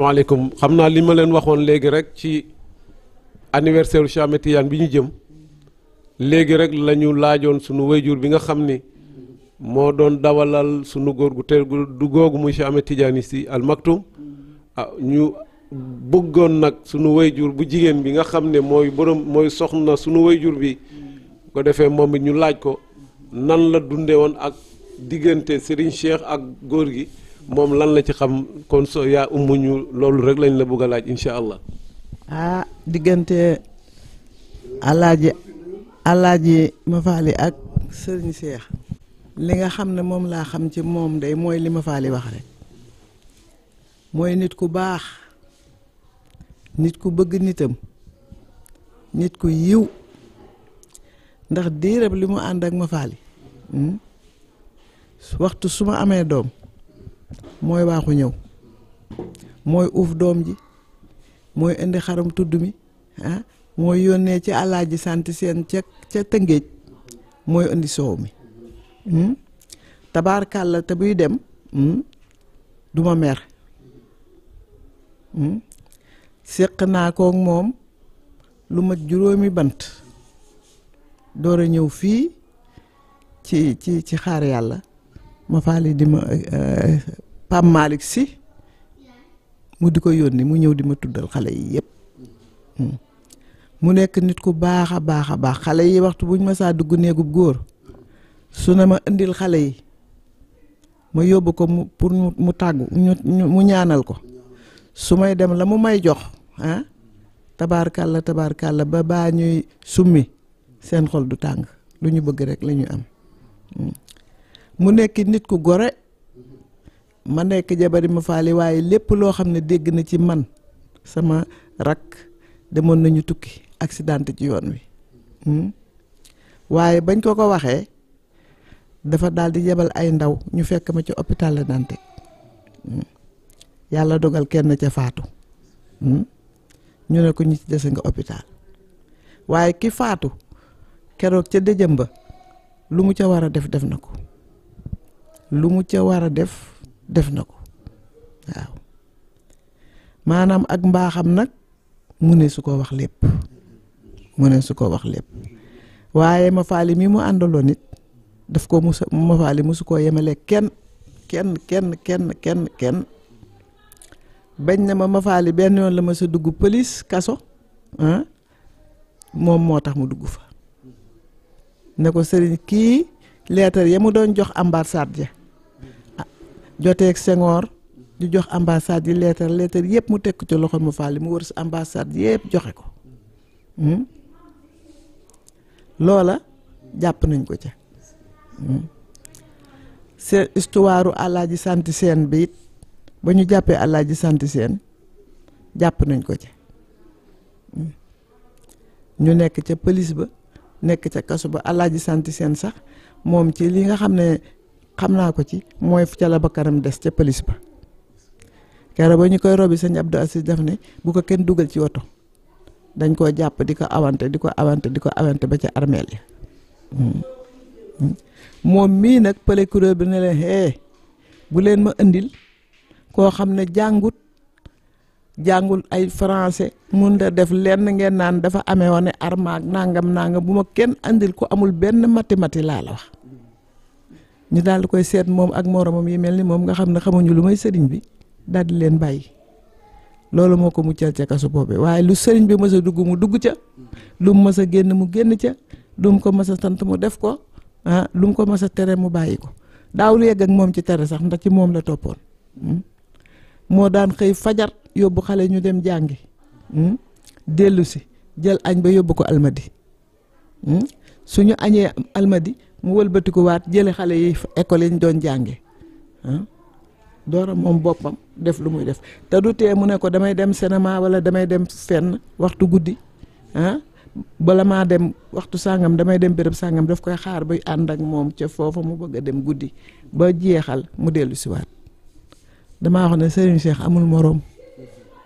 waaleykum xam naa li ma leen waxoon léegi rek ci anniversaire Cheikh Ahmed bi ñu jëm léegi rek lañu laajoon sunu wayjur bi nga xam ni moo doon dawalal sunu góor gu teel du googu muy Cheikh Ahmed Tidiane si Al Maktoum ah, ñu bëggoon nag sunu jur bu jigéen bi nga xam ne mooy borom mooy soxna sunu wayjur bi ko defee moom ñu laaj ko nan la dunde woon ak diggante Serigne Cheikh ak góor gi moom lan la ci xam kon soo yaa ummuñu loolu rek lañ la bëgg a laaj incha allah. ah diggante alaaji alaaji ma faali ak sëriñ Cheikh. li nga xam ne moom laa xam ci moom day mooy li ma faali wax rek mooy nit ku baax nit ku bëgg nitam nit ku yiw ndax diirab li mu ànd ak ma hmm? waxtu su ma amee doom mooy waaxu ñëw mooy uuf doom ji mooy indi xarum tudd mi ah, mooy yónnee ci alaaji sant seen ca tëngéej mooy indi soow mi hmm? tabaarkàlla te buy dem hmm? duma mer hmm? séq naa kook moom lu mat juróomi bant door a ñëw fii ci ci ci xaar yàlla ma faale di ma eh, eh, Pape Malick si mu di ko yónni mu ñëw di ma tuddal xale yi yëpp hmm. mu nekk nit ku baax a baax a baax xale yi waxtu buñ ma saa dugg néegub góor su ne ma indil xale yi ma yóbbu ko mu pour mu tàggu mu ñaanal ko su may dem la mu may jox ah tabaarkàlla tabaarkàlla ba baa ñuy summi seen xol du tàng lu ñu bëgg rek la ñu am hmm. mu nekk nit ku gore ma nekk jabari ma faali waaye lépp loo xam ne dégg na ci man sama rakk demoon nañu tukki accidenté ci yoon wi hmm? waaye bañ koo ko waxee dafa daldi yebal ay ndaw ñu fekk ma ci hôpital La Dantec hmm? yàlla dogal kenn ca faatu hmm? ñu ne ko ñu ci dese nga hôpital waaye ki faatu keroog ca dëjëm ba lu mu ca war a def def na ko lu mu ca war a def def na ko waaw maanaam ak mbaaxam nag mu ne su ko wax lépp mu ne su ko wax lépp waaye ma faali mi mu àndaloo nit daf ko mus ma faali musu koo yemalee kenn kenn kenn kenn kenn bañ na ma ma benn yoon la ma sa dugg pëlis kaso ah, moom moo tax mu dugg fa ne ko sëriñ kii leetar ya mu doon jox ambassade ja joteeg Senghor di jox ambassade yi lettre lettre yëpp mu tekk ca loxo mu li mu wër si ambassade yëpp joxe ko hmm? loola jàpp nañ ko ca hmm? seen histoire alaaji sant seen bi ba ñu jàppee àllaaji santi seen jàpp nañ ko ca hmm? ñu nekk ca pëlis ba nekk ca kaso ba alaaji sant seen sax moom ci li nga xam ne xam naa ko ci mooy ca la des ca pëlis ba kere ba ñu koy robi sëñ Abdou Aziz def ne bu ko kenn dugal ci woto dañ koo jàpp di ko awante di ko awante di ko awante ba ca armeel ya hmm. Hmm. moom mii nag kuréel bi ne leen hee bu leen ma indil koo xam ne jàngut jàngul ay français mun la def lenn ngeen naan dafa amee wax ne armaak nangam nangam bu ma kenn andil ko amul benn mati laa la wax ñu daal di koy seet moom ak moromam yi mel ni moom nga xam ne xamuñu lu may sëriñ bi daal di leen bàyyi loolu moo ko mu muccal ca kasu boobee waaye lu sëriñ bi mës a dugg mu dugg ca lu mu mës a génn mu génn ca lu mu ko mës a sant mu def ko ah lu mu ko mës a tere mu bàyyi ko daawul yegg ak moom ci tere sax ndax ci moom la toppoon hmm? moo daan xëy fajar yóbbu xale ñu dem jàngi hmm? dellu si jël añ ba yóbbu ko almadi hmm? suñu añee almadi mu wëlbatikuwaat jële xale yi école yi ñu doon jànge ah. doora moom boppam def lu muy def te du tee mu ne ko damay dem cinéma wala damay dem fenn waxtu guddi ah bala maa dem waxtu sàngam damay dem béréb sàngam daf koy xaar bay ànd ak moom ca foofa mu bëgg a dem guddi ba jeexal mu dellu siwaat damaa wax ne Serigne seex amul moroom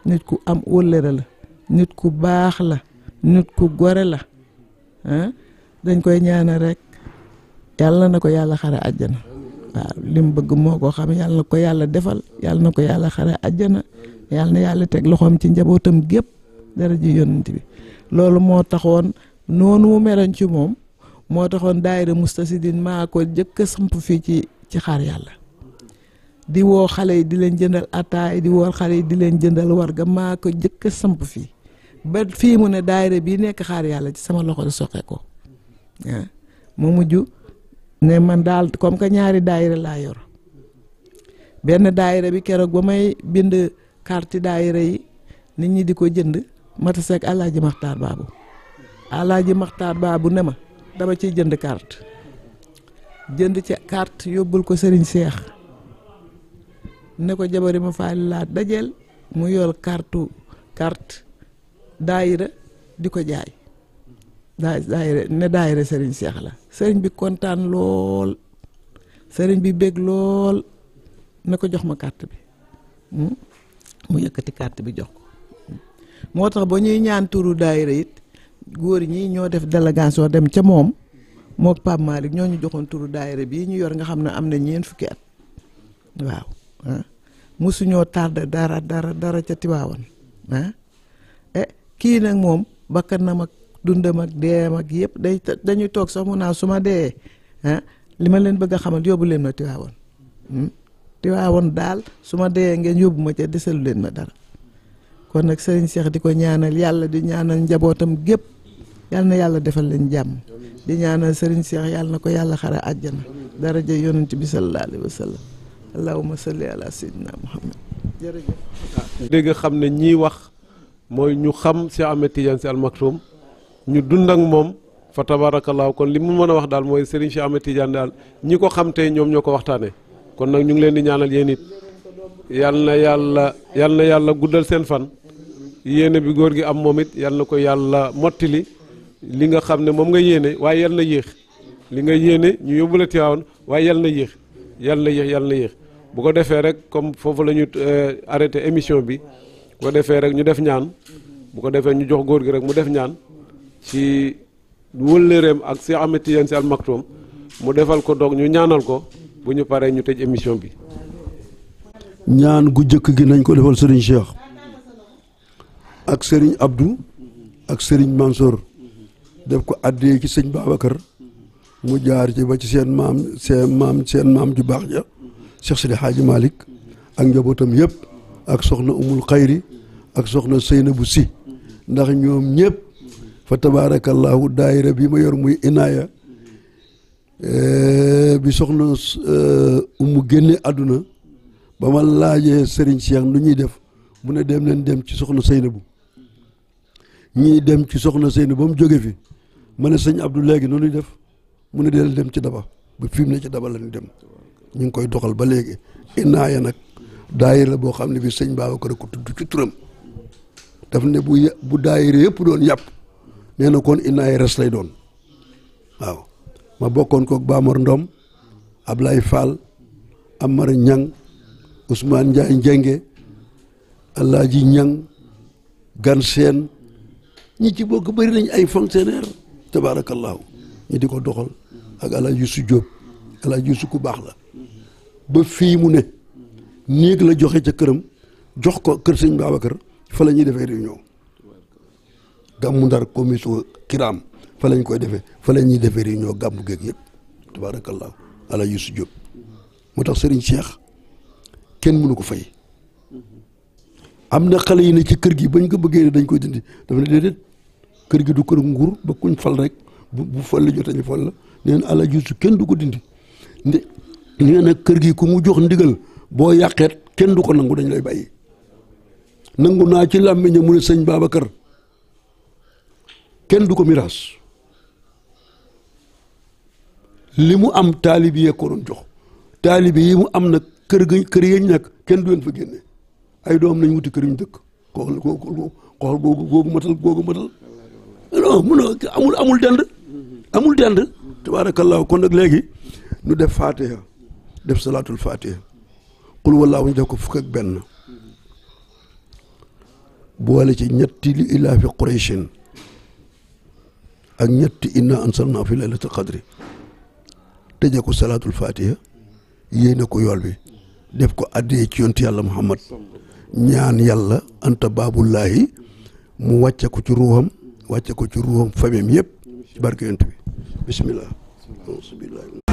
nit ku am wëllëre la nit ku baax la nit ku gore la ah. dañ koy ñaanal rek yàlla na ko yàlla xare àjjana waaw li mu bëgg moo ko xam yàlla ko yàlla defal yàlla na ko yàlla xare àjjana yàlla na yàlla teg loxoom ci njabootam gépp dara ji yonent bi loolu moo taxoon noonu mu meroon ci moom moo taxoon daayira mustasidin maa ko jëkk a samp fii ci ci xaar yàlla di woo xale yi di leen jëndal ataay di woo xale yi di leen jëndal warga maa ko jëkk a samp fii ba fii mu ne daayira bii nekk xaar yàlla ci sama loxo di soqe ko mu mujj ne man daal comme que ñaari daayira laa yor benn daayira bi keroog ba may bind carte daayira yi nit ñi di ko jënd matase ak alaaji maxtaar baabu alaaji maxtaar baabu ne ma dama ci jënd carte jënd ci carte yóbbul ko sëriñ seex ne ko jabari ma faali laa dajeel mu yor kartu carte daayira di ko jaay daa daayira ne daayira sëriñ Cheikh la sëriñ bi kontaan lool sëriñ bi bég lool na ko jox ma carte bi hmm? mu yëkkati carte bi jox ko hmm. moo tax ba ñuy ñaan turu daayira it góor ñi ñoo def délégation dem ca moom mook Pape Malick ñoo ñu joxoon turu daayira bii ñu yor nga xam ne am na ñeent fukki at waaw ah. mosuñoo tardé dara dara dara ca Tiwaawan ah. eh, kii nag moom bakkat na mag dundam ak deem ak yëpp day dañuy toog sax mu naa su ma dee li ma leen bëgg a xamal yóbbu leen ma Tiwaawoon hmm? Tiwaawoon daal su ma dee ngeen yóbbu ma ca desalu leen ma dara kon nag sëriñ Cheikh di ko ñaanal yàlla di ñaanal njabootam gépp yàlla na yàlla defal leen jàmm di ñaanal Serigne Cheikh yàlla na ko yàlla xara àjjana daraja yonent bi sallallahu alayhi wa sallam allahumma salli muhammad dégg xam ne ñiy wax mooy ñu xam Cheikh Ahmed Tidiane Sy Al ñu dund ak moom fa tabaarakallaahu kon li mu mën a wax daal mooy Serigne Cheikh Ahmed Tidiane daal ñi ko xam tey ñoom ñoo ko waxtaanee kon nag ñu ngi leen di ñaanal yéen it yal na yàlla yal na yàlla guddal seen fan yéene bi góor gi am moom it yal na ko yàlla mottili li nga xam ne moom nga yéene waaye yal na yéex li nga yéene ñu yóbbu la Tiwaawan waaye yal na yéex yal na yéex yal na yéex bu ko defee rek comme foofu la ñu euh, arrêté émission bi bu ko defee rek ñu def ñaan bu ko defee ñu jox góor gi rek mu def ñaan. ci wëllëreem ak si Ahmed Tidiane Sy Al mu defal ko doog ñu ñaanal ko bu ñu paree ñu tej émission bi. ñaan gu jëkk gi nañ ko defal Serigne Cheikh ak Serigne Abdou ak Serigne Mansour def ko addee ci sëñ Babacar mu jaar ci ba ci seen maam seen maam seen maam ju baax ja Cheikh Sidi Hadji Malick ak njabootam yëpp ak soxna Umul Xayri ak soxna sëyna bu si ndax ñoom ñëpp. fa tabaarakallaahu daayira bi ma yor muy inaaya eh, bi soxna eh, mu génne àdduna ba ma laajee Serigne Cheikh nu ñuy def mu ne dem leen dem ci soxna bu ñii dem ci soxna Seynabu ba mu jóge fi ma ne sëñ Abdou léegi noonu def mu ne dee dem ci daba ba fi mu ne ci daba la ñu dem ñu ngi koy doxal ba léegi inaaya nag daayira la boo xam ne bi sëñ Babacar ko tudd ci turam daf ne bu bu daayira yëpp doon yàpp nee na kon res lay doon waaw ma bokkoon koog Bamar Ndom Ablaye Fall Amar Ñang Ousmane Ndiaye Njenge Alaaji Ñang Gan Seen ñi ci bokk bëri nañ ay fonctionnaire tabaarakallaahu ñi di ko doxal ak Alaaji Yusu Jóob Alaaji Yusu ku baax la ba fii mu ne néeg la joxe ca këram jox ko kër sëñ Babacar fa la ñuy defee réunion gàmmu ndar commission kiraam fa lañ koy defee fa la ñuy defee réunion gàmmu géeg yëpp tabaarakallah ala Youssou Diop moo tax sëriñ Cheikh kenn mënu ko fay am na xale yi ne ci kër gi bañ ko bëggee dañ koy dindi dafa ne déedéet kër gi du kër nguur ba kuñ fal rek bu bu fal la jotee ñu fal la neen ala Youssou kenn du ko dindi nde nee kër gi ku mu jox ndigal boo yàqeet kenn du ko nangu dañ lay bàyyi nangu naa ci làmmiñ mu ne sëñ kër kenn du ko miraas li mu am taalibe yee ko doon jox taalibe yi mu am nag kër ga kër yañ nag kenn du leen fa ay doom nañ wuti kër ñu dëkk xool xool googu googu matal amul amul dend amul kon nag léegi ñu def faatiha def salaatul faatiha qul wallaahu ñu def ko fukk ak benn boole ci ñetti li ilaa fi qurayshin ak ñetti inna ansalna fi laylatul qadri tëje ko salaatul fatiha yéene ko yool bi def ko addee ci yonti yàlla muhammad ñaan yàlla anta baabullaahi mu wàcce ko ci ruuxam wàcce ko ci ruuxam famem yëpp ci barke yonent bi bismillah